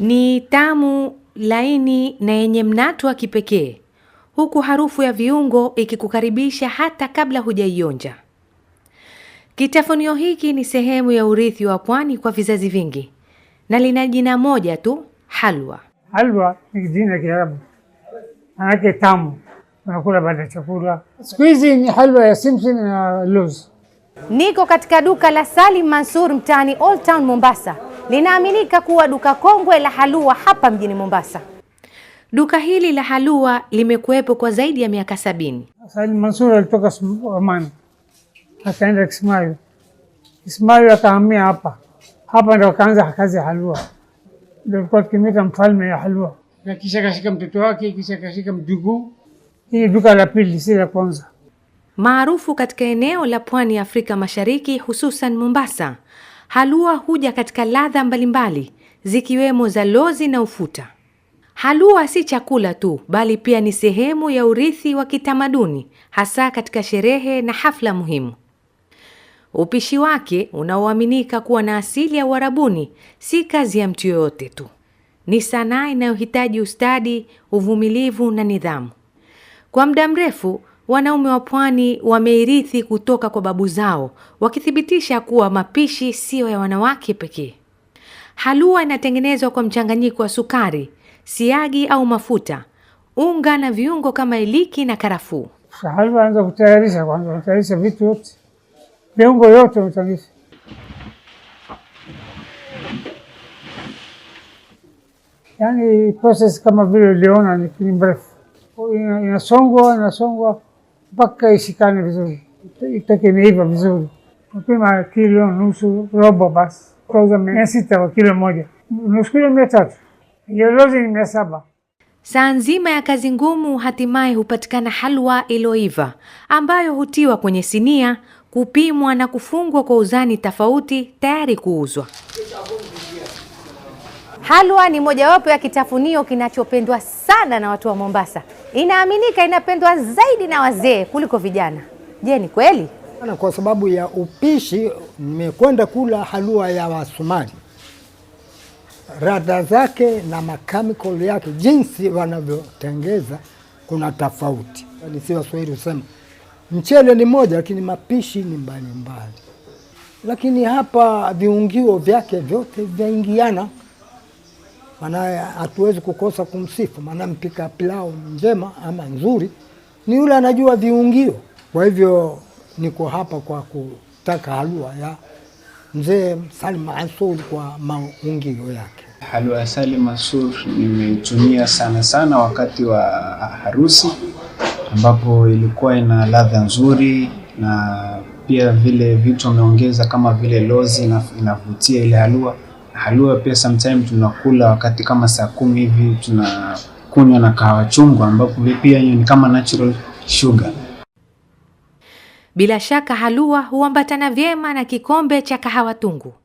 Ni tamu laini na yenye mnato wa kipekee huku harufu ya viungo ikikukaribisha hata kabla hujaionja. Kitafunio hiki ni sehemu ya urithi wa pwani kwa vizazi vingi na lina jina moja tu, halwa. Halwa ni jina Kiarabu, manake tamu, unakula baada ya chakula. Siku hizi ni halwa ya simsim na luz. Niko katika duka la Salim Mansur mtaani Old Town Mombasa linaaminika kuwa duka kongwe la halua hapa mjini Mombasa. Duka hili la halua limekuwepo kwa zaidi ya miaka sabini. Said Mansur alitoka Oman akaenda Kismayu, Kismayu akahamia hapa, hapa ndo akaanza kazi ya halua, ndo alikuwa tukimwita mfalme ya halua, na kisha kashika mtoto wake, kisha kashika mjukuu. Hii duka la pili, si la kwanza, maarufu katika eneo la pwani ya Afrika Mashariki, hususan Mombasa Halua huja katika ladha mbalimbali zikiwemo za lozi na ufuta. Halua si chakula tu, bali pia ni sehemu ya urithi wa kitamaduni, hasa katika sherehe na hafla muhimu. Upishi wake unaoaminika kuwa na asili ya Uarabuni si kazi ya mtu yoyote tu. Ni sanaa inayohitaji ustadi, uvumilivu na nidhamu. Kwa muda mrefu, Wanaume wa pwani wameirithi kutoka kwa babu zao, wakithibitisha kuwa mapishi siyo ya wanawake pekee. Halua inatengenezwa kwa mchanganyiko wa sukari, siagi au mafuta, unga na viungo kama iliki na karafuu. Halua anza kutayarisha kwanza, natayarisha vitu yote, viungo yote unatayarisha Yani, proses kama vile uliona ni mrefu, inasongwa inasongwa mpaka ishikane vizuri, itegemeiva vizuri. Kupima kilo nusu robo, basi kauza mia sita kwa kilo moja, nusu kilo mia tatu, jolozi ni mia saba. Saa nzima ya kazi ngumu, hatimaye hupatikana halwa iloiva ambayo hutiwa kwenye sinia, kupimwa na kufungwa kwa uzani tofauti, tayari kuuzwa. Halwa ni mojawapo ya kitafunio kinachopendwa sana na watu wa Mombasa. Inaaminika inapendwa zaidi na wazee kuliko vijana. Je, ni kweli? Kwa sababu ya upishi, nimekwenda kula halua ya Wasomali, radha zake na makamikali yake, jinsi wanavyotengeza kuna tofauti. Yaani si Waswahili husema mchele ni moja, lakini mapishi ni mbalimbali mbali. Lakini hapa viungio vyake vyote vyaingiana. Maanaye hatuwezi kukosa kumsifu, maana mpika pilau njema ama nzuri ni yule anajua viungio. Kwa hivyo niko hapa kwa kutaka halua ya mzee Salim Mansur kwa maungio yake. Halua ya Salim Mansur nimeitumia sana sana wakati wa harusi, ambapo ilikuwa ina ladha nzuri na pia vile vitu ameongeza kama vile lozi inavutia ile halua halua pia sometime tunakula wakati kama saa kumi hivi tunakunywa na kahawa chungwa, ambapo pia hiyo ni kama natural sugar. Bila shaka halua huambatana vyema na kikombe cha kahawa tungu.